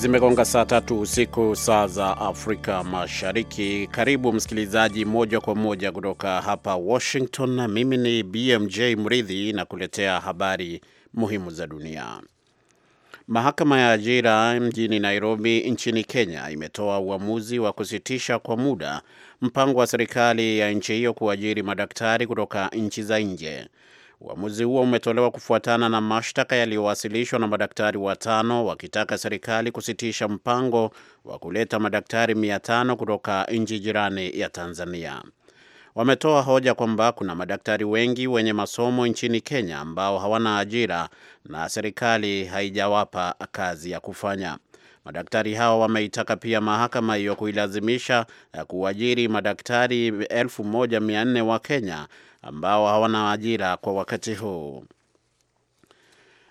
Zimegonga saa tatu usiku saa za Afrika Mashariki. Karibu msikilizaji, moja kwa moja kutoka hapa Washington, na mimi ni BMJ Mridhi na kuletea habari muhimu za dunia. Mahakama ya ajira mjini Nairobi nchini Kenya imetoa uamuzi wa kusitisha kwa muda mpango wa serikali ya nchi hiyo kuajiri madaktari kutoka nchi za nje. Uamuzi huo umetolewa kufuatana na mashtaka yaliyowasilishwa na madaktari watano wakitaka serikali kusitisha mpango wa kuleta madaktari mia tano kutoka nchi jirani ya Tanzania. Wametoa hoja kwamba kuna madaktari wengi wenye masomo nchini Kenya ambao hawana ajira na serikali haijawapa kazi ya kufanya. Madaktari hao wameitaka pia mahakama hiyo kuilazimisha eh, kuajiri madaktari 1400 wa Kenya ambao hawana ajira kwa wakati huu.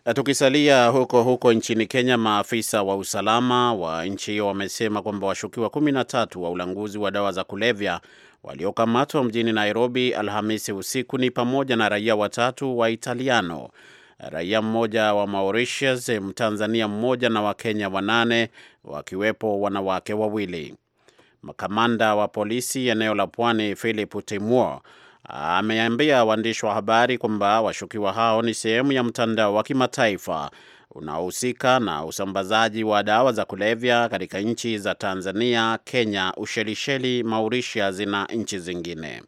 Eh, tukisalia huko huko nchini Kenya, maafisa wa usalama wa nchi hiyo wamesema kwamba washukiwa 13 wa ulanguzi wa dawa za kulevya waliokamatwa mjini Nairobi Alhamisi usiku ni pamoja na raia watatu wa Italiano raia mmoja wa Mauritius, Mtanzania mmoja na Wakenya wanane wakiwepo wanawake wawili. Makamanda wa polisi eneo la pwani Philip Timwo ameambia waandishi wa habari kwamba washukiwa hao ni sehemu ya mtandao wa kimataifa unaohusika na usambazaji wa dawa za kulevya katika nchi za Tanzania, Kenya, Ushelisheli, Mauritius na nchi zingine.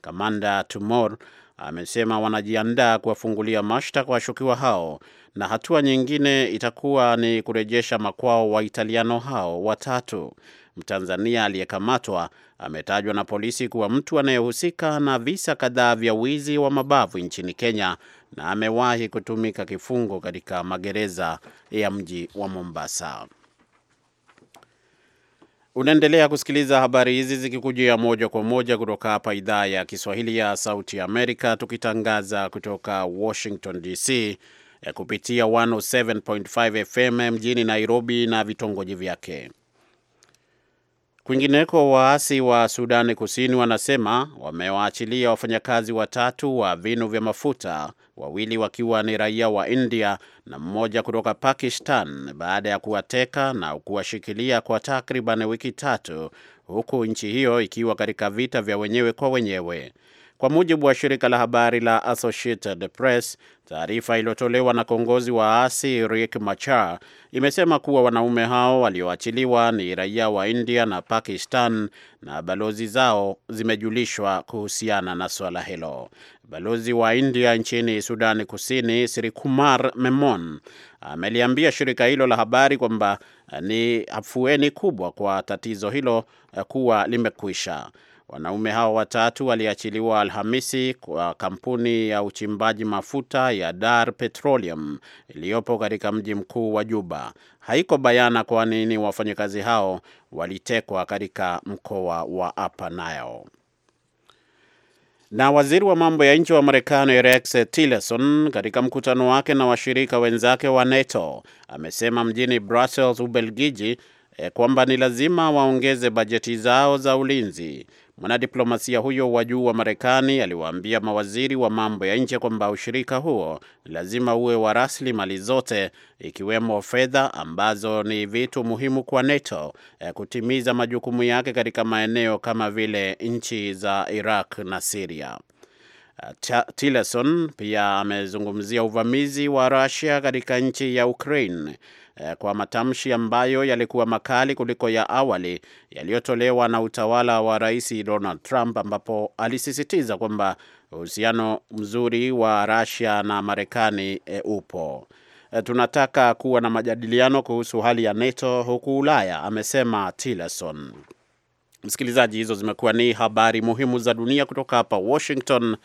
Kamanda Tumor amesema wanajiandaa kuwafungulia mashtaka washukiwa hao na hatua nyingine itakuwa ni kurejesha makwao Waitaliano hao watatu. Mtanzania aliyekamatwa ametajwa na polisi kuwa mtu anayehusika na visa kadhaa vya wizi wa mabavu nchini Kenya na amewahi kutumika kifungo katika magereza ya mji wa Mombasa. Unaendelea kusikiliza habari hizi zikikujia moja kwa moja kutoka hapa idhaa ya Kiswahili ya Sauti ya Amerika, tukitangaza kutoka Washington DC eh, kupitia 107.5 FM mjini Nairobi na vitongoji vyake. Kwingineko, waasi wa Sudani Kusini wanasema wamewaachilia wafanyakazi watatu wa vinu vya mafuta wawili wakiwa ni raia wa India na mmoja kutoka Pakistan baada ya kuwateka na kuwashikilia kwa takriban wiki tatu huku nchi hiyo ikiwa katika vita vya wenyewe kwa wenyewe. Kwa mujibu wa shirika la habari la Associated Press, taarifa iliyotolewa na kiongozi wa asi Riek Machar imesema kuwa wanaume hao walioachiliwa ni raia wa India na Pakistan na balozi zao zimejulishwa kuhusiana na swala hilo. Balozi wa India nchini Sudani Kusini Sirikumar Memon ameliambia shirika hilo la habari kwamba ni afueni kubwa kwa tatizo hilo kuwa limekwisha. Wanaume hao watatu waliachiliwa Alhamisi kwa kampuni ya uchimbaji mafuta ya Dar Petroleum iliyopo katika mji mkuu wa Juba. Haiko bayana kwa nini wafanyakazi hao walitekwa katika mkoa wa Upper Nile. Na waziri wa mambo ya nje wa Marekani Rex Tillerson katika mkutano wake na washirika wenzake wa NATO amesema mjini Brussels, Ubelgiji, eh, kwamba ni lazima waongeze bajeti zao za ulinzi. Mwanadiplomasia huyo wa juu wa Marekani aliwaambia mawaziri wa mambo ya nje kwamba ushirika huo lazima uwe wa rasilimali zote ikiwemo fedha ambazo ni vitu muhimu kwa NATO eh, kutimiza majukumu yake katika maeneo kama vile nchi za Iraq na Siria. Ah, Tillerson pia amezungumzia uvamizi wa Russia katika nchi ya Ukraine Eh, kwa matamshi ambayo yalikuwa makali kuliko ya awali yaliyotolewa na utawala wa Rais Donald Trump, ambapo alisisitiza kwamba uhusiano mzuri wa Russia na Marekani e, upo eh, tunataka kuwa na majadiliano kuhusu hali ya NATO huku Ulaya, amesema Tillerson. Msikilizaji, hizo zimekuwa ni habari muhimu za dunia kutoka hapa Washington.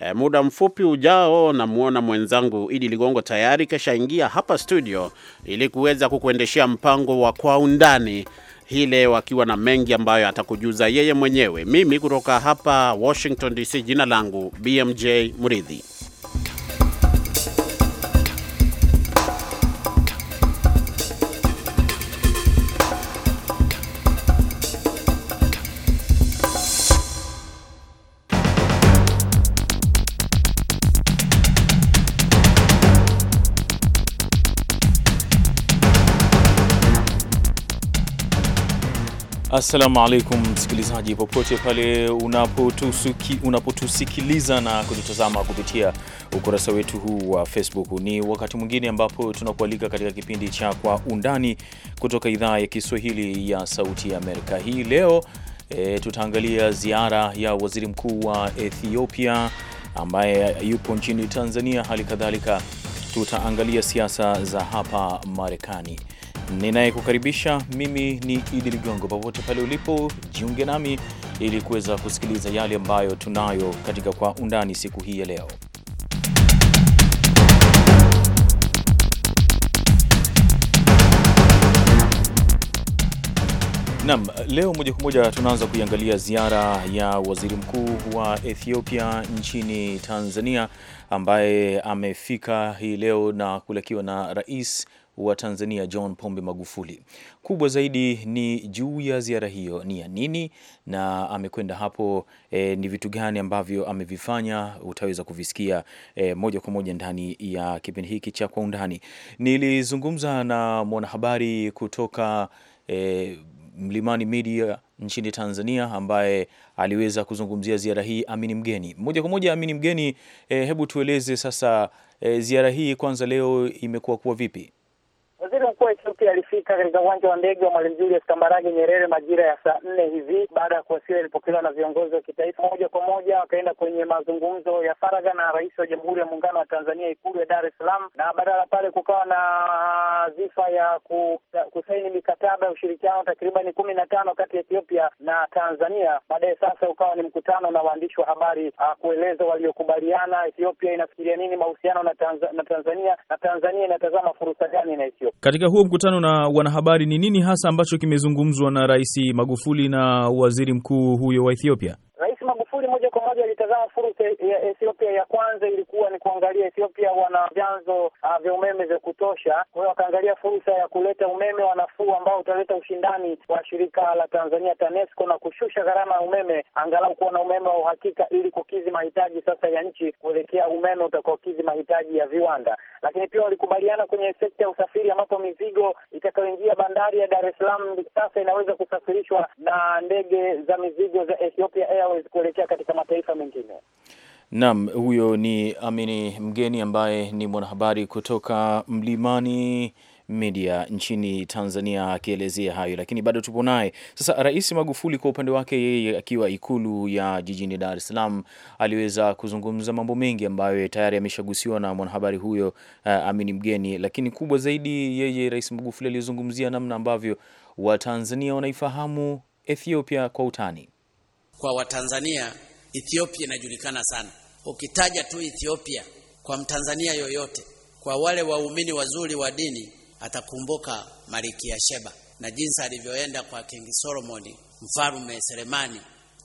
E, muda mfupi ujao namwona mwenzangu Idi Ligongo tayari ingia hapa studio ili kuweza kukuendeshea mpango wa kwa undani hii leo akiwa na mengi ambayo atakujuza yeye mwenyewe. Mimi kutoka hapa Washington DC, jina langu BMJ Muridhi. Assalamu alaikum msikilizaji, popote pale unapotusikiliza na kututazama kupitia ukurasa wetu huu wa Facebook, ni wakati mwingine ambapo tunakualika katika kipindi cha Kwa Undani kutoka idhaa ya Kiswahili ya Sauti ya Amerika. Hii leo e, tutaangalia ziara ya waziri mkuu wa Ethiopia ambaye yupo nchini Tanzania. Hali kadhalika tutaangalia siasa za hapa Marekani. Ninayekukaribisha mimi ni Idi Ligongo. Popote pale ulipo, jiunge nami ili kuweza kusikiliza yale ambayo tunayo katika kwa undani siku hii ya leo. Naam, leo moja kwa moja tunaanza kuiangalia ziara ya waziri mkuu wa Ethiopia nchini Tanzania ambaye amefika hii leo na kulakiwa na rais wa Tanzania John Pombe Magufuli. Kubwa zaidi ni juu ya ziara hiyo ni ya nini na amekwenda hapo e, ni vitu gani ambavyo amevifanya, utaweza kuvisikia e, moja kwa moja ndani ya kipindi hiki cha Kwa Undani. Nilizungumza na mwanahabari kutoka e, Mlimani Media nchini Tanzania ambaye aliweza kuzungumzia ziara hii, Amini Mgeni. Moja kwa moja, Amini Mgeni, e, hebu tueleze sasa, e, ziara hii kwanza leo imekuwa kuwa vipi? Nyeupe alifika katika uwanja wa ndege wa Mwalimu Julius Kambarage Nyerere majira ya saa nne hivi. Baada ya kuwasili, alipokelewa na viongozi wa kitaifa. Moja kwa moja wakaenda kwenye mazungumzo ya faragha na rais wa Jamhuri ya Muungano wa Tanzania, Ikulu ya Dar es Salaam, na badala pale kukawa na dhifa ya kusaini mikataba ya ushirikiano takriban kumi na tano kati ya Ethiopia na Tanzania. Baadaye sasa ukawa ni mkutano na waandishi wa habari ah, kueleza waliokubaliana, Ethiopia inafikiria nini mahusiano na, Tanz na Tanzania na Tanzania inatazama fursa gani na Ethiopia katika huo mkutano mkutano na wanahabari, ni nini hasa ambacho kimezungumzwa na Rais Magufuli na waziri mkuu huyo wa Ethiopia? Rais Magufuli moja ambavyo alitazama fursa ya Ethiopia ya kwanza ilikuwa ni kuangalia Ethiopia wana vyanzo uh, vya umeme vya kutosha. Kwa hiyo wakaangalia fursa ya kuleta umeme wa nafuu ambao utaleta ushindani wa shirika la Tanzania TANESCO na kushusha gharama ya umeme, angalau kuwa na umeme wa uhakika ili kukidhi mahitaji sasa ya nchi kuelekea umeme utakaokidhi mahitaji ya viwanda. Lakini pia walikubaliana kwenye sekta ya usafiri, ambapo mizigo itakayoingia bandari ya Dar es Salaam sasa inaweza kusafirishwa na ndege za mizigo za Ethiopia Airways kuelekea katika mataifa mataifa mengine. Naam, huyo ni Amini Mgeni ambaye ni mwanahabari kutoka Mlimani Media nchini Tanzania akielezea hayo, lakini bado tupo naye. Sasa Rais Magufuli kwa upande wake, yeye akiwa ikulu ya jijini Dar es Salaam aliweza kuzungumza mambo mengi ambayo tayari ameshagusiwa na mwanahabari huyo uh, Amini Mgeni, lakini kubwa zaidi, yeye Rais Magufuli alizungumzia namna ambavyo Watanzania wanaifahamu Ethiopia kwa utani kwa Watanzania Ethiopia inajulikana sana. Ukitaja tu Ethiopia kwa Mtanzania yoyote, kwa wale waumini wazuri wa dini, atakumbuka Malkia Sheba na jinsi alivyoenda kwa King Solomon, Mfalme Selemani.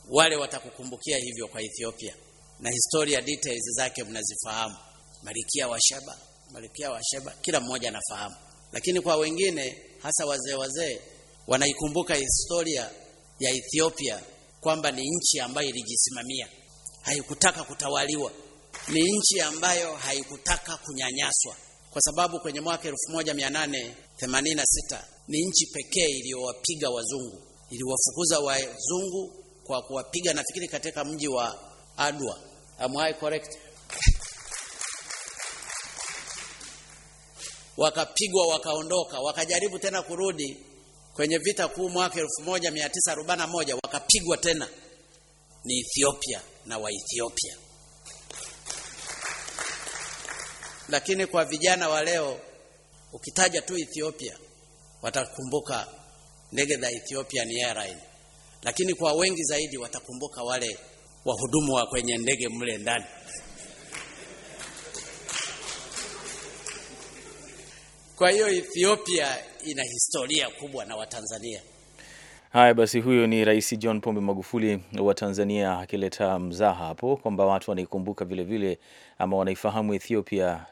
Wale watakukumbukia hivyo kwa Ethiopia, na historia details zake mnazifahamu. Malkia wa Sheba, Malkia wa Sheba, kila mmoja anafahamu, lakini kwa wengine, hasa wazee wazee, wanaikumbuka historia ya Ethiopia kwamba ni nchi ambayo ilijisimamia, haikutaka kutawaliwa, ni nchi ambayo haikutaka kunyanyaswa, kwa sababu kwenye mwaka sita ni nchi pekee iliyowapiga wazungu, iliwafukuza wazungu kwa kuwapiga, nafikiri katika mji wa Adwa. Am I correct? Wakapigwa, wakaondoka, wakajaribu tena kurudi kwenye vita kuu mwaka moja wakapigwa tena ni Ethiopia na Waethiopia. Lakini kwa vijana wa leo ukitaja tu Ethiopia watakumbuka ndege za Ethiopian Airlines, lakini kwa wengi zaidi watakumbuka wale wahudumu wa kwenye ndege mle ndani. Kwa hiyo Ethiopia ina historia kubwa na Watanzania. Haya basi, huyo ni Rais John Pombe Magufuli wa Tanzania akileta mzaha hapo kwamba watu wanaikumbuka vilevile ama wanaifahamu Ethiopia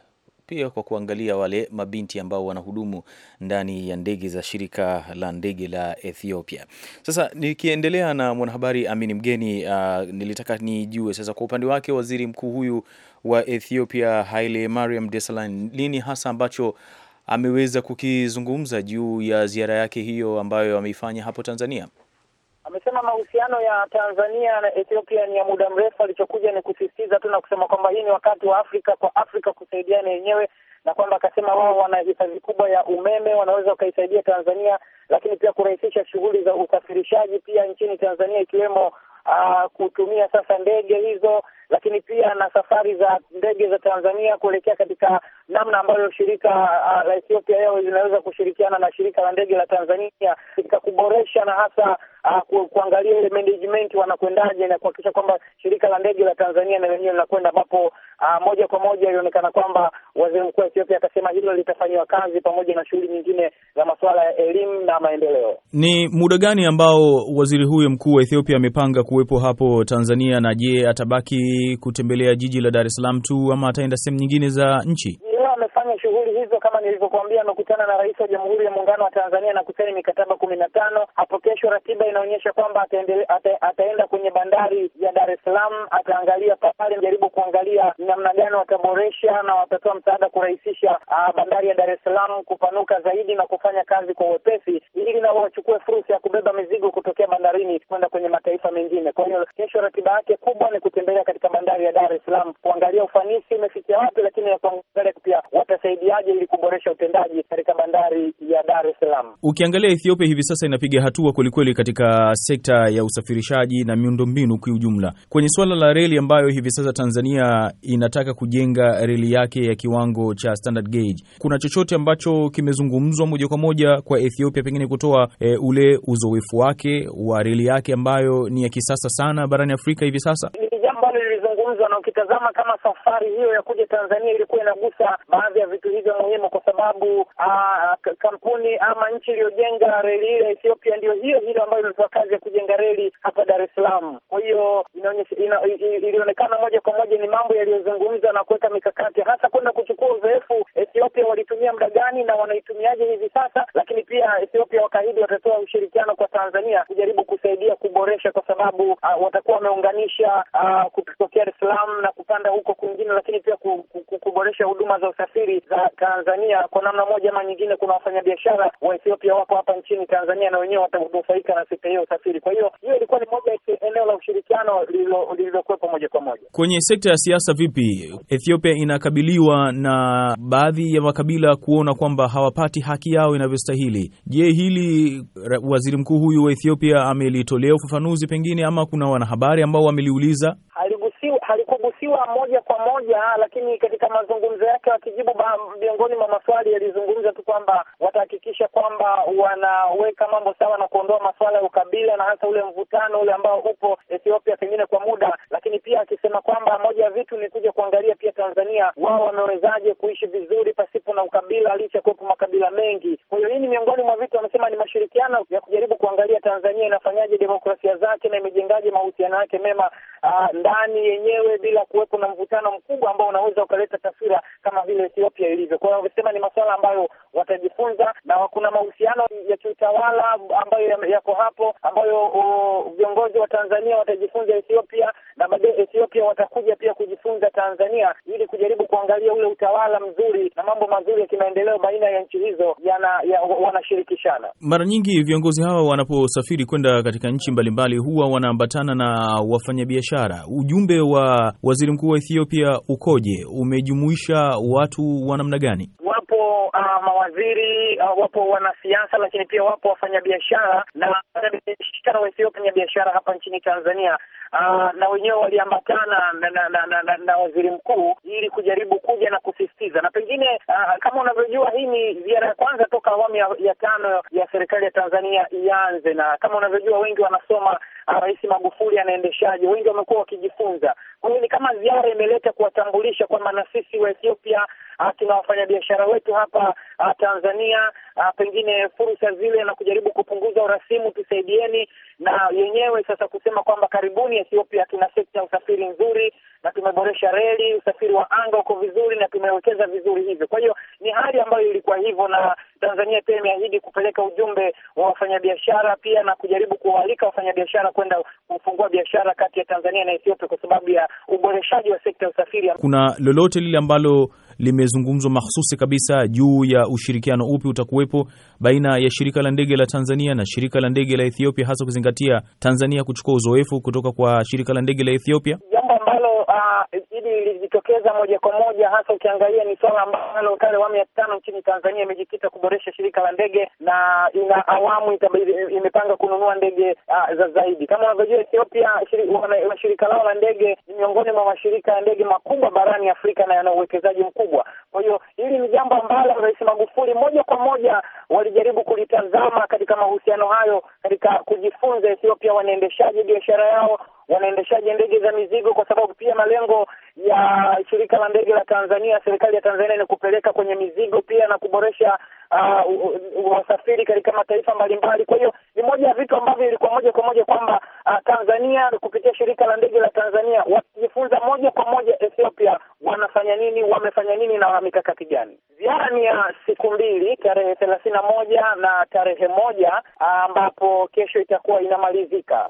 pia kwa kuangalia wale mabinti ambao wanahudumu ndani ya ndege za shirika la ndege la Ethiopia. Sasa nikiendelea na mwanahabari Amini Mgeni, uh, nilitaka nijue sasa kwa upande wake waziri mkuu huyu wa Ethiopia Haile Mariam Desalegn, lini hasa ambacho ameweza kukizungumza juu ya ziara yake hiyo ambayo ameifanya hapo Tanzania? Amesema mahusiano ya Tanzania na Ethiopia ni ya muda mrefu. Alichokuja ni kusisitiza tu na kusema kwamba hii ni wakati wa Afrika kwa Afrika kusaidiana yenyewe, na kwamba akasema wao wana hifadhi kubwa ya umeme, wanaweza wakaisaidia Tanzania, lakini pia kurahisisha shughuli za usafirishaji pia nchini Tanzania, ikiwemo uh, kutumia sasa ndege hizo lakini pia na safari za ndege za Tanzania kuelekea katika namna ambayo shirika uh, la Ethiopia Airways linaweza kushirikiana na shirika la ndege la Tanzania katika kuboresha na hasa uh, ku, kuangalia ile management wanakwendaje na kuhakikisha kwamba shirika la ndege la Tanzania na lenyewe linakwenda, ambapo uh, moja kwa moja ilionekana kwamba waziri mkuu wa Ethiopia akasema hilo litafanyiwa kazi pamoja na shughuli nyingine za masuala ya elimu na maendeleo. Ni muda gani ambao waziri huyo mkuu wa Ethiopia amepanga kuwepo hapo Tanzania, na je atabaki kutembelea jiji la Dar es Salaam tu ama ataenda sehemu nyingine za nchi? Amefanya shughuli hizo kama nilivyokuambia, amekutana na Rais wa Jamhuri ya Muungano wa Tanzania na kusaini mikataba kumi na tano. Hapo kesho ratiba inaonyesha kwamba ataende, ata, ataenda kwenye bandari ya Dar es Salaam, ataangalia pale, jaribu kuangalia namna gani wataboresha na watatoa msaada kurahisisha ah, bandari ya Dar es Salaam kupanuka zaidi na kufanya kazi kwa uwepesi, ili nao wachukue fursa ya kubeba mizigo kutokea bandarini kwenda kwenye mataifa mengine. Kwa hiyo kesho ratiba yake kubwa ni kutembelea katika bandari ya Dar es Salaam kuangalia ufanisi umefikia wapi, lakini ya kuangalia pia watasaidiaje ili kuboresha utendaji katika bandari ya Dar es Salaam. Ukiangalia Ethiopia hivi sasa inapiga hatua kwelikweli katika sekta ya usafirishaji na miundombinu kwa ujumla, kwenye suala la reli ambayo hivi sasa Tanzania inataka kujenga reli yake ya kiwango cha standard gauge. Kuna chochote ambacho kimezungumzwa moja kwa moja kwa Ethiopia pengine kutoa e, ule uzoefu wake wa reli yake ambayo ni ya kisasa sana barani Afrika hivi sasa lilizungumzwa na ukitazama kama safari hiyo ya kuja Tanzania ilikuwa inagusa baadhi ya vitu hivyo muhimu, kwa sababu aa, ah, kampuni ama nchi iliyojenga reli ile ya Ethiopia ndiyo hiyo hiyo ambayo imepewa kazi ya kujenga reli hapa Dar es Salaam. Kwa hiyo ilionekana moja kwa moja ni mambo yaliyozungumzwa na kuweka mikakati, hasa kwenda kuchukua uzoefu Ethiopia walitumia muda gani na wanaitumiaje hivi sasa, lakini pia Ethiopia wakaahidi watatoa ushirikiano kwa Tanzania kujaribu kusaidia kuboresha, kwa sababu uh, watakuwa wameunganisha uh, kutokea Dar es Salaam na kupanda huko kwingine, lakini pia ku, ku, ku, kuboresha huduma za usafiri za Tanzania. Kwa namna moja ama nyingine, kuna wafanyabiashara wa Ethiopia wako hapa nchini Tanzania na wenyewe watanufaika na sekta hiyo usafiri. Kwa hiyo hiyo ilikuwa ni moja eneo la ushirikiano lililokuwepo moja kwa moja. Kwenye sekta ya siasa, vipi Ethiopia inakabiliwa na baadhi ya makabila kuona kwamba hawapati haki yao inavyostahili? Je, hili waziri mkuu huyu wa Ethiopia amelitolea ufafanuzi pengine, ama kuna wanahabari ambao wameliuliza? akiwa moja kwa moja, lakini katika mazungumzo yake wakijibu miongoni mwa maswali yalizungumza tu kwamba watahakikisha kwamba wanaweka mambo sawa na kuondoa masuala ya ukabila na hasa ule mvutano ule ambao upo Ethiopia pengine kwa muda lakini pia akisema kwamba moja ya vitu ni kuja kuangalia pia Tanzania wao wamewezaje kuishi vizuri pasipo na ukabila, licha kuwepo makabila mengi. Kwa hiyo hii ni miongoni mwa vitu amesema ni mashirikiano ya kujaribu kuangalia Tanzania inafanyaje demokrasia zake na imejengaje mahusiano yake mema ah, ndani yenyewe bila kuwepo na mvutano mkubwa ambao unaweza ukaleta taswira kama vile Ethiopia ilivyo. Kwa hiyo ni masuala ambayo watajifunza, na kuna mahusiano ya kiutawala ambayo yako hapo ambayo oh, viongozi wa Tanzania watajifunza Ethiopia na baadaye Ethiopia watakuja pia kujifunza Tanzania ili kujaribu kuangalia ule utawala mzuri na mambo mazuri ya kimaendeleo baina ya nchi hizo yana ya, wanashirikishana. Mara nyingi viongozi hawa wanaposafiri kwenda katika nchi mbalimbali huwa wanaambatana na wafanyabiashara. Ujumbe wa waziri mkuu wa Ethiopia ukoje? Umejumuisha watu wa namna gani? Wapo uh, mawaziri uh, wapo wanasiasa, lakini pia wapo wafanyabiashara na wafanyabiashara wa Ethiopia, wafanyabiashara hapa nchini Tanzania uh, na wenyewe waliambatana na, na, na, na, na, na waziri mkuu ili kujaribu kuja na kusisitiza, na pengine uh, kama unavyojua hii ni ziara ya kwanza toka awamu ya, ya tano ya serikali ya Tanzania ianze, na kama unavyojua wengi wanasoma ah, Rais Magufuli anaendeshaje, wengi wamekuwa wakijifunza. Kwa hiyo ni kama ziara imeleta kuwatambulisha kwamba na sisi wa Ethiopia tuna wafanyabiashara wetu hapa Tanzania Ah, pengine fursa zile na kujaribu kupunguza urasimu, tusaidieni na yenyewe sasa kusema kwamba karibuni Ethiopia tuna sekta ya usafiri nzuri na tumeboresha reli, usafiri wa anga uko vizuri na tumewekeza vizuri hivyo. Kwa hiyo ni hali ambayo ilikuwa hivyo, na Tanzania pia imeahidi kupeleka ujumbe wa wafanyabiashara pia na kujaribu kuwaalika wafanyabiashara kwenda kufungua biashara kati ya Tanzania na Ethiopia kwa sababu ya uboreshaji wa sekta ya usafiri. Kuna lolote lile ambalo limezungumzwa mahususi kabisa juu ya ushirikiano upi utakuwepo baina ya shirika la ndege la Tanzania na shirika la ndege la Ethiopia, hasa kuzingatia Tanzania kuchukua uzoefu kutoka kwa shirika la ndege la Ethiopia zaidi ilijitokeza moja kwa moja, hasa ukiangalia ni swala ambalo kale awamu ya tano nchini Tanzania imejikita kuboresha shirika la ndege na ina awamu imepanga kununua ndege uh, za zaidi. Kama unavyojua Ethiopia, shirika lao la ndege ni miongoni mwa mashirika ya ndege makubwa barani Afrika na yana uwekezaji mkubwa. Kwa hiyo hili ni jambo ambalo Rais Magufuli moja kwa moja walijaribu kulitazama katika mahusiano hayo, katika kujifunza Ethiopia wanaendeshaje biashara yao wanaendeshaji ndege za mizigo, kwa sababu pia malengo ya shirika la ndege la Tanzania, serikali ya Tanzania ni kupeleka kwenye mizigo pia na kuboresha uh, wasafiri katika mataifa mbalimbali. Kwa hiyo ni moja ya vitu ambavyo ilikuwa moja kwa moja kwamba uh, Tanzania kupitia shirika la ndege la Tanzania wakijifunza moja kwa moja Ethiopia wanafanya nini, wamefanya nini na mikakati gani. Ziara ni ya siku mbili, tarehe thelathini na moja na tarehe moja uh, ambapo kesho itakuwa inamalizika.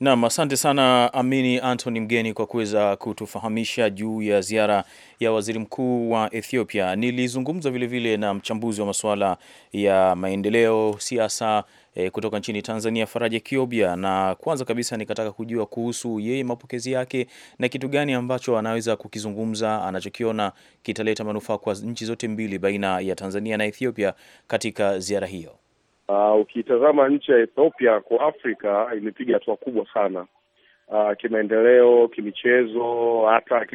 Nam, asante sana Amini Antony Mgeni kwa kuweza kutufahamisha juu ya ziara ya waziri mkuu wa Ethiopia. Nilizungumza vilevile na mchambuzi wa masuala ya maendeleo, siasa e, kutoka nchini Tanzania, Faraja Kiobia, na kwanza kabisa nikataka kujua kuhusu yeye mapokezi yake na kitu gani ambacho anaweza kukizungumza anachokiona kitaleta manufaa kwa nchi zote mbili, baina ya Tanzania na Ethiopia katika ziara hiyo. Uh, ah, ukitazama nchi ya Ethiopia kwa Afrika imepiga hatua kubwa sana uh, kimaendeleo, kimichezo, hata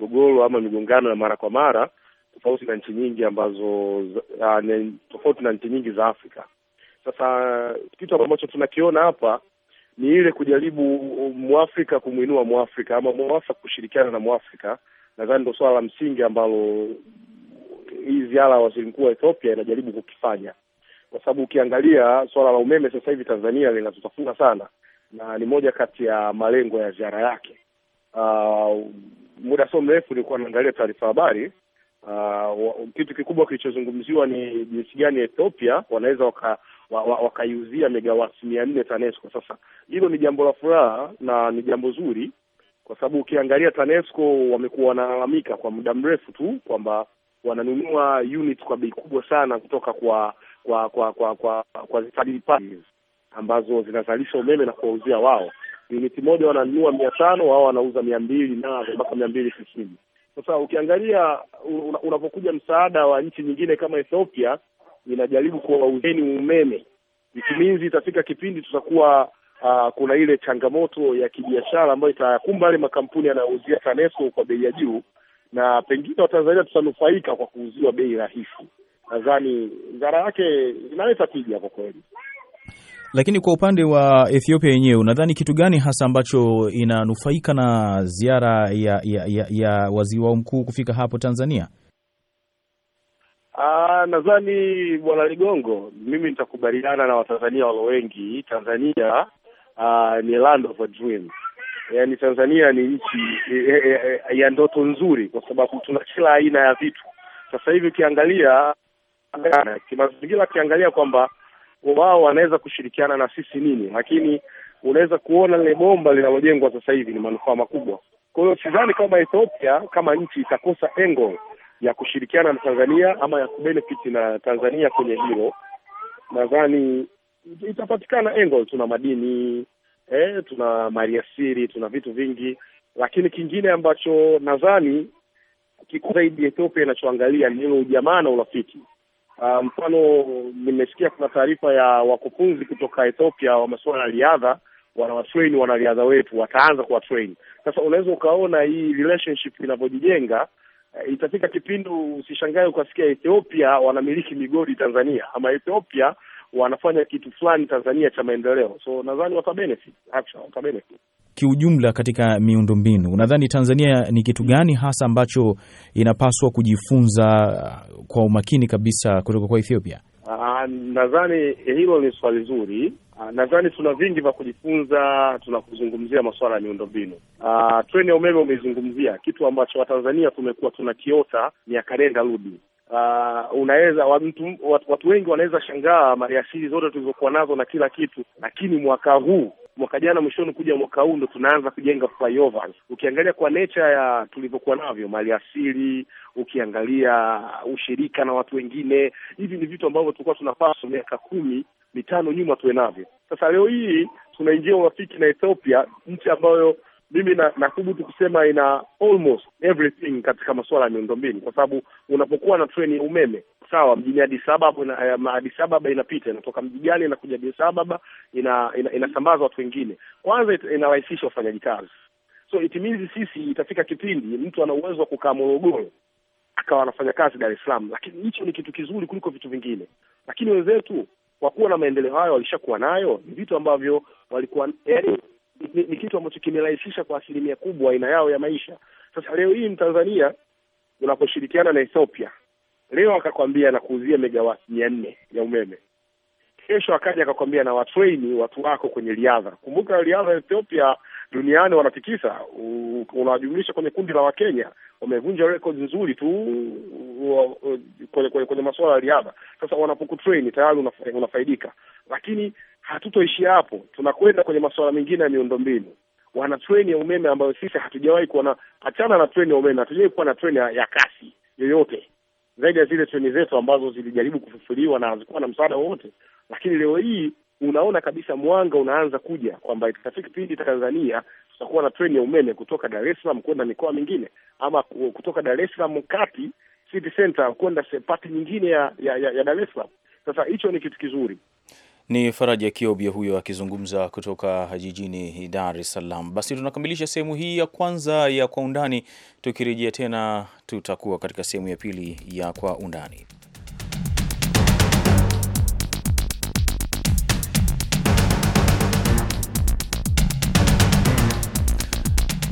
migogoro ama migongano ya mara kwa mara, tofauti na nchi nyingi ambazo uh, ni tofauti na nchi nyingi za Afrika. Sasa kitu ambacho tunakiona hapa ni ile kujaribu mwafrika kumwinua mwafrika ama mwafrika kushirikiana na mwafrika. Nadhani ndo swala la msingi ambalo hii ziara ya waziri mkuu wa Ethiopia inajaribu kukifanya kwa sababu ukiangalia suala la umeme sasa hivi Tanzania linatutafuna sana, na ni moja kati ya malengo ya ziara yake. Uh, muda sio mrefu nilikuwa naangalia taarifa habari. Uh, kitu kikubwa kilichozungumziwa ni jinsi gani Ethiopia wanaweza waka wakaiuzia waka megawati mia nne TANESCO. Sasa hilo ni jambo la furaha na ni jambo zuri, kwa sababu ukiangalia TANESCO wamekuwa wanalalamika kwa muda mrefu tu kwamba wananunua unit kwa bei kubwa sana kutoka kwa kwa kwa kwa kwa kwa zifadhili parties ambazo zinazalisha umeme na kuwauzia wao. Uniti moja wananunua mia tano, wao wanauza mia mbili na mpaka mia mbili tisini. Sasa ukiangalia unapokuja msaada wa nchi nyingine kama Ethiopia, inajaribu kuwauzeni umeme, vikiminzi itafika kipindi tutakuwa Uh, kuna ile changamoto ya kibiashara ambayo itayakumba yale makampuni yanayouzia TANESCO kwa bei ya juu, na pengine Watanzania tutanufaika kwa kuuziwa bei rahisi nadhani dhara yake inaleta tija kwa kweli. Lakini kwa upande wa Ethiopia yenyewe, unadhani kitu gani hasa ambacho inanufaika na ziara ya ya, ya, ya waziri wao mkuu kufika hapo Tanzania? Ah, nadhani Bwana Ligongo, mimi nitakubaliana na Watanzania walo wengi. Tanzania aa, ah, ni land of a dream, yaani Tanzania ni nchi e, e, e, ya ndoto nzuri, kwa sababu tuna kila aina ya vitu sasa hivi ukiangalia kimazingira, akiangalia kwamba wao wanaweza kushirikiana na sisi nini, lakini unaweza kuona lile bomba linalojengwa sasa hivi ni manufaa makubwa. Kwa hiyo sidhani kama Ethiopia kama nchi itakosa engo ya kushirikiana na Tanzania ama ya kubenefit na Tanzania kwenye hilo. Nadhani itapatikana engo, tuna madini eh, tuna maliasili, tuna vitu vingi, lakini kingine ambacho nadhani kiko zaidi Ethiopia inachoangalia ni ujamaa na urafiki. Ah, mfano um, nimesikia kuna taarifa ya wakufunzi kutoka Ethiopia wa masuala ya riadha wanawatrain wanariadha wetu, wataanza kuwatrain sasa. Unaweza ukaona hii relationship inavyojijenga. Uh, itafika kipindu usishangae ukasikia Ethiopia wanamiliki migodi Tanzania, ama Ethiopia wanafanya kitu fulani Tanzania cha maendeleo. So nadhani watabenefit, actually watabenefit kiujumla katika miundombinu, unadhani Tanzania ni kitu gani hasa ambacho inapaswa kujifunza kwa umakini kabisa kutoka kwa Ethiopia? Uh, nadhani hilo ni swali zuri. Uh, nadhani tuna vingi vya kujifunza tunapozungumzia masuala ya miundombinu. Uh, treni ya umeme umeizungumzia, kitu ambacho Watanzania tumekuwa tunakiota miaka nenda rudi. Uh, unaweza watu, watu wengi wanaweza shangaa maliasili zote tulizokuwa nazo na kila kitu, lakini mwaka huu mwaka jana mwishoni kuja mwaka huu ndo tunaanza kujenga flyovers. Ukiangalia kwa nature ya tulivyokuwa navyo mali asili, ukiangalia ushirika na watu wengine, hivi ni vitu ambavyo tulikuwa tunapaswa miaka kumi mitano nyuma tuwe navyo. Sasa leo hii tunaingia urafiki na Ethiopia, nchi ambayo mimi nathubutu na kusema ina almost everything katika masuala ya miundombinu, kwa sababu unapokuwa na treni ya umeme sawa mjini Addis Ababa ina, eh, Addis Ababa inapita inatoka mji gani inakuja Addis Ababa ina, ina, inasambaza watu wengine. Kwanza inarahisisha ufanyaji kazi, so it means sisi itafika kipindi mtu ana uwezo wa kukaa Morogoro akawa anafanya kazi Dar es Salaam, lakini hicho ni kitu kizuri kuliko vitu vingine. Lakini wenzetu kwa kuwa na maendeleo hayo walishakuwa nayo, ni vitu ambavyo walikuwa yani, ni, ni kitu ambacho kimerahisisha kwa asilimia kubwa aina yao ya maisha. Sasa leo hii Mtanzania unaposhirikiana na Ethiopia leo akakwambia anakuuzia megawati mia nne ya umeme, kesho akaja akakwambia na watrain watu wako kwenye riadha. Kumbuka riadha ya Ethiopia duniani wanatikisa, unawajumlisha kwenye kundi la Wakenya, wamevunja record nzuri tu kwenye, kwenye, kwenye masuala ya riadha. Sasa wanapokutrain tayari unafaidika, lakini hatutoishia hapo, tunakwenda kwenye masuala mengine ya miundombinu wana treni ya umeme ambayo sisi hatujawahi kuona. Achana na treni ya umeme, hatujawahi kuwa na treni ya kasi yoyote zaidi ya zile treni zetu ambazo zilijaribu kufufuliwa na hazikuwa na msaada wowote, lakini leo hii unaona kabisa mwanga unaanza kuja kwamba itafika kipindi Tanzania tutakuwa na treni ya umeme kutoka Dar es Salaam kwenda mikoa mingine, ama kutoka Dar es Salaam kati city center kwenda pati nyingine ya ya, ya, ya Dar es Salaam. Sasa hicho ni kitu kizuri. Ni Faraja kiobia huyo akizungumza kutoka jijini Dar es Salaam. Basi tunakamilisha sehemu hii ya kwanza ya kwa undani. Tukirejea tena, tutakuwa katika sehemu ya pili ya kwa undani.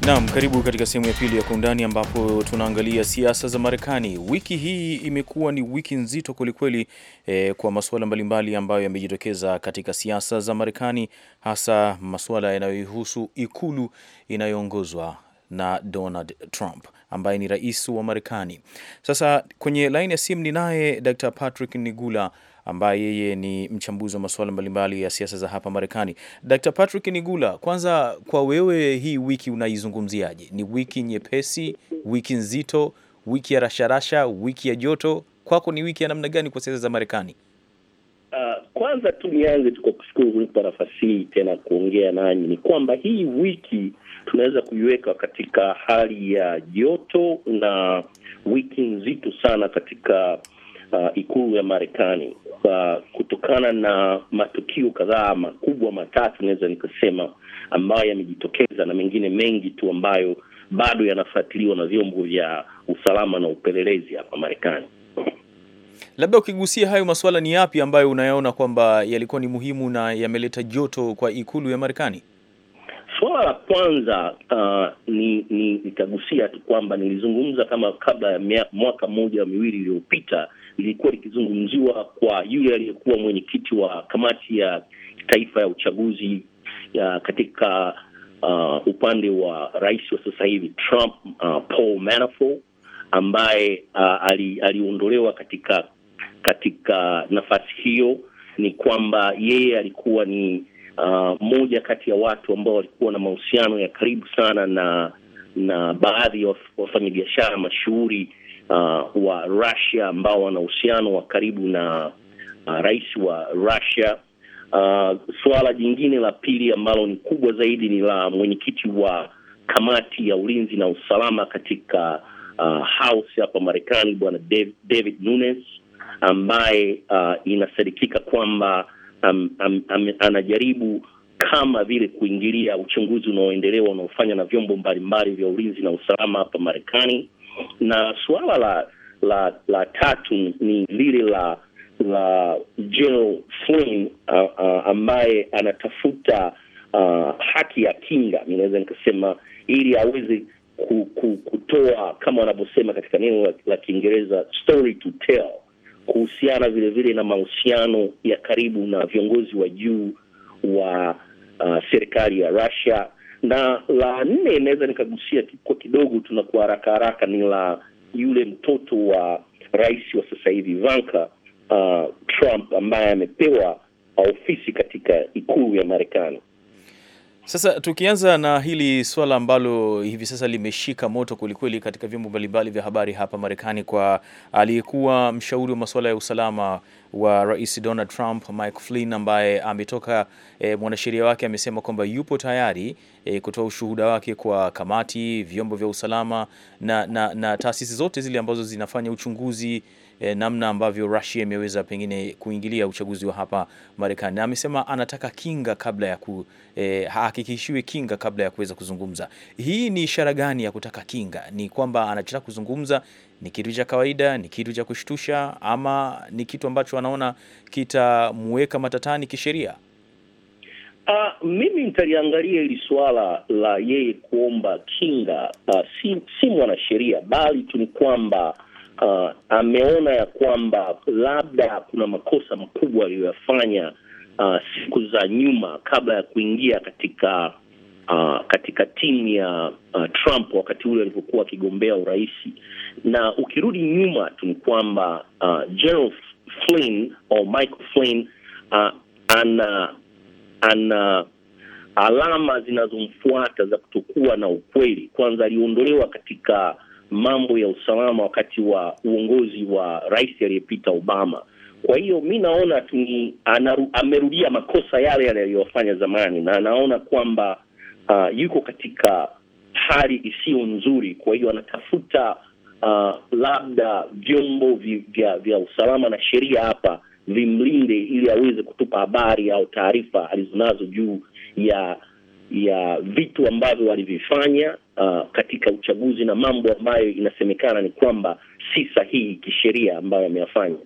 Naam, karibu katika sehemu ya pili ya Kwa Undani, ambapo tunaangalia siasa za Marekani. Wiki hii imekuwa ni wiki nzito kwelikweli eh, kwa masuala mbalimbali ambayo yamejitokeza katika siasa za Marekani, hasa masuala yanayoihusu ikulu inayoongozwa na Donald Trump ambaye ni rais wa Marekani. Sasa kwenye laini ya simu ni naye Dr. Patrick Nigula ambaye yeye ni mchambuzi wa masuala mbalimbali ya siasa za hapa Marekani. Dr. Patrick Nigula, kwanza kwa wewe hii wiki unaizungumziaje? Ni wiki nyepesi, wiki nzito, wiki ya rasharasha, wiki ya joto? Kwako ni wiki ya namna gani kwa siasa za Marekani? Uh, kwanza tu nianze tu kwa kushukuru kunipa nafasi hii tena kuongea nanyi. Ni kwamba hii wiki tunaweza kuiweka katika hali ya joto na wiki nzito sana katika uh, ikulu ya Marekani uh, kutokana na matukio kadhaa makubwa matatu naweza nikasema, ambayo yamejitokeza na mengine mengi tu ambayo bado yanafuatiliwa na vyombo vya usalama na upelelezi hapa Marekani. Labda ukigusia hayo masuala, ni yapi ambayo unayaona kwamba yalikuwa ni muhimu na yameleta joto kwa ikulu ya Marekani? Suala la kwanza uh, ni nitagusia tu kwamba nilizungumza kama kabla ya mwaka mmoja miwili iliyopita lilikuwa likizungumziwa kwa yule aliyekuwa mwenyekiti wa kamati ya taifa ya uchaguzi ya katika uh, upande wa rais wa sasa hivi Trump, uh, Paul Manafort ambaye uh, ali, aliondolewa katika katika nafasi hiyo. Ni kwamba yeye alikuwa ni uh, moja kati ya watu ambao walikuwa na mahusiano ya karibu sana na na baadhi ya wafanyabiashara mashuhuri uh, wa Russia ambao wana uhusiano wa karibu na uh, rais wa Russia. Uh, suala jingine la pili ambalo ni kubwa zaidi ni la mwenyekiti wa kamati ya ulinzi na usalama katika uh, House hapa Marekani, bwana David Nunes ambaye uh, inasadikika kwamba um, um, um, anajaribu kama vile kuingilia uchunguzi unaoendelewa unaofanywa na vyombo mbalimbali vya ulinzi na usalama hapa Marekani na suala la la la tatu ni lile la la General Flynn uh, uh, ambaye anatafuta uh, haki ya kinga, ninaweza nikasema, ili aweze ku, ku, kutoa kama wanavyosema katika neno la, la Kiingereza story to tell, kuhusiana vile vile na mahusiano ya karibu na viongozi wa juu wa uh, serikali ya Russia na la nne inaweza nikagusia kidogo, tunakuwa haraka haraka, ni la yule mtoto wa rais wa sasa hivi vanka uh, Trump ambaye amepewa uh, ofisi katika ikulu ya Marekani. Sasa tukianza na hili swala ambalo hivi sasa limeshika moto kwelikweli katika vyombo mbalimbali vya habari hapa Marekani, kwa aliyekuwa mshauri wa masuala ya usalama wa Rais Donald Trump, Mike Flynn ambaye ametoka e, mwanasheria wake amesema kwamba yupo tayari e, kutoa ushuhuda wake kwa kamati, vyombo vya usalama na, na, na taasisi zote zile ambazo zinafanya uchunguzi e, namna ambavyo Russia imeweza pengine kuingilia uchaguzi wa hapa Marekani, na amesema anataka kinga kabla ya ku, e, hakikishiwe kinga kabla ya kuweza kuzungumza. Hii ni ishara gani ya kutaka kinga? Ni kwamba anachotaka kuzungumza ni kitu cha kawaida, ni kitu cha kushtusha, ama ni kitu ambacho anaona kitamweka matatani kisheria? Uh, mimi nitaliangalia hili swala la yeye kuomba kinga. Uh, si, si mwanasheria bali tu ni kwamba uh, ameona ya kwamba labda kuna makosa makubwa aliyoyafanya uh, siku za nyuma kabla ya kuingia katika uh, katika timu ya uh, Trump wakati ule alivyokuwa akigombea urais, na ukirudi nyuma tu ni kwamba uh, Gerald Flynn au Michael Flynn uh, ana ana alama zinazomfuata za kutokuwa na ukweli. Kwanza aliondolewa katika mambo ya usalama wakati wa uongozi wa rais aliyepita Obama. Kwa hiyo mi naona tu ni amerudia makosa yale aliyofanya zamani, na anaona kwamba uh, yuko katika hali isiyo nzuri, kwa hiyo anatafuta uh, labda vyombo vya vya usalama na sheria hapa vimlinde ili aweze kutupa habari au taarifa alizonazo juu ya ya vitu ambavyo walivifanya uh, katika uchaguzi na mambo ambayo inasemekana ni kwamba si sahihi kisheria ambayo ameyafanya.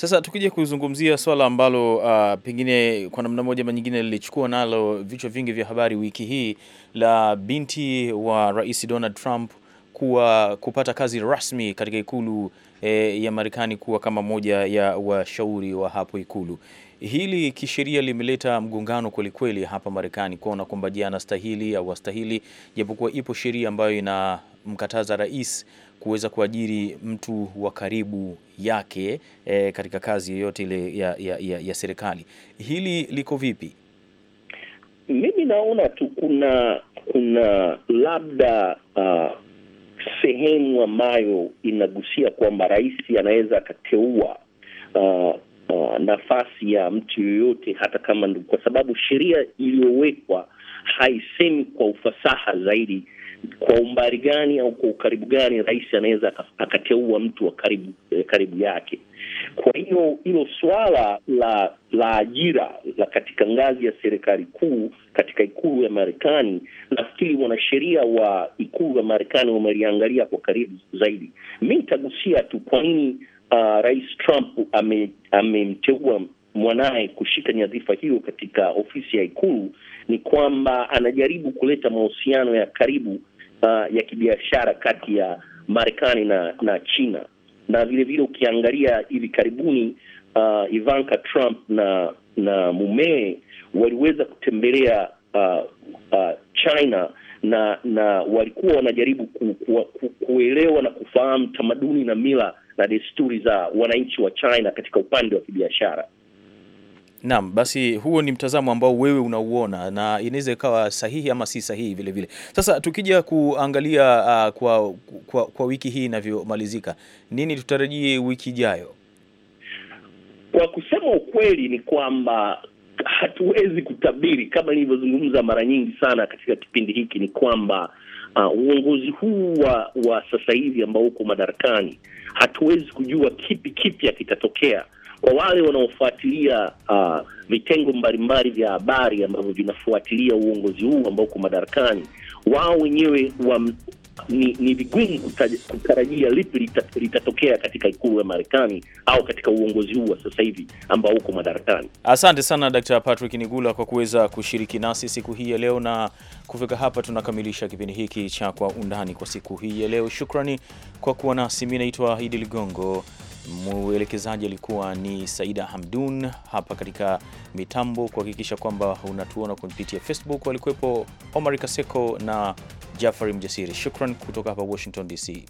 Sasa tukija kuzungumzia swala ambalo uh, pengine kwa namna moja ama nyingine lilichukua nalo vichwa vingi vya habari wiki hii la binti wa Rais Donald Trump kuwa kupata kazi rasmi katika ikulu eh, ya Marekani kuwa kama moja ya washauri wa hapo ikulu. Hili kisheria limeleta mgongano kwelikweli hapa Marekani kuona kwamba je, anastahili au wastahili, japokuwa ipo sheria ambayo ina kumkataza rais kuweza kuajiri mtu wa karibu yake e, katika kazi yoyote ile ya, ya, ya, ya serikali. Hili liko vipi? Mimi naona tu kuna kuna labda uh, sehemu ambayo inagusia kwamba rais anaweza akateua uh, uh, nafasi ya mtu yoyote, hata kama ndugu, kwa sababu sheria iliyowekwa haisemi kwa ufasaha zaidi kwa umbali gani au kwa ukaribu gani rais anaweza akateua mtu wa karibu, eh, karibu yake. Kwa hiyo hilo swala la la ajira la katika ngazi ya serikali kuu katika ikulu ya Marekani, nafikiri wanasheria wa ikulu ya Marekani wameliangalia kwa karibu zaidi. Mi nitagusia tu kwa nini uh, rais Trump amemteua ame mwanaye kushika nyadhifa hiyo katika ofisi ya ikulu ni kwamba anajaribu kuleta mahusiano ya karibu uh, ya kibiashara kati ya Marekani na na China na vile vile ukiangalia hivi karibuni uh, Ivanka Trump na na mumee waliweza kutembelea uh, uh, China na na walikuwa wanajaribu ku, ku, ku, kuelewa na kufahamu tamaduni na mila na desturi za wananchi wa China katika upande wa kibiashara. Naam, basi huo ni mtazamo ambao wewe unauona na inaweza ikawa sahihi ama si sahihi vile vile. Sasa tukija kuangalia uh, kwa, kwa, kwa wiki hii inavyomalizika, nini tutarajie wiki ijayo? Kwa kusema ukweli ni kwamba hatuwezi kutabiri. Kama nilivyozungumza mara nyingi sana katika kipindi hiki, ni kwamba uh, uongozi huu wa, wa sasa hivi ambao uko madarakani, hatuwezi kujua kipi kipya kitatokea kwa wale wanaofuatilia uh, vitengo mbalimbali vya habari ambavyo vinafuatilia uongozi huu ambao uko madarakani, wao wenyewe wa, ni, ni vigumu kutarajia lipi litatokea katika ikulu ya Marekani au katika uongozi huu wa sasa hivi ambao uko madarakani. Asante sana Dr. Patrick Nigula kwa kuweza kushiriki nasi siku hii ya leo, na kufika hapa tunakamilisha kipindi hiki cha Kwa Undani kwa siku hii ya leo. Shukrani kwa kuwa nasi. Mi naitwa Idi Ligongo. Mwelekezaji alikuwa ni Saida Hamdun, hapa katika mitambo kuhakikisha kwamba unatuona kupitia Facebook walikuwepo Omar Kaseko na Jafari Mjasiri. Shukran kutoka hapa Washington DC.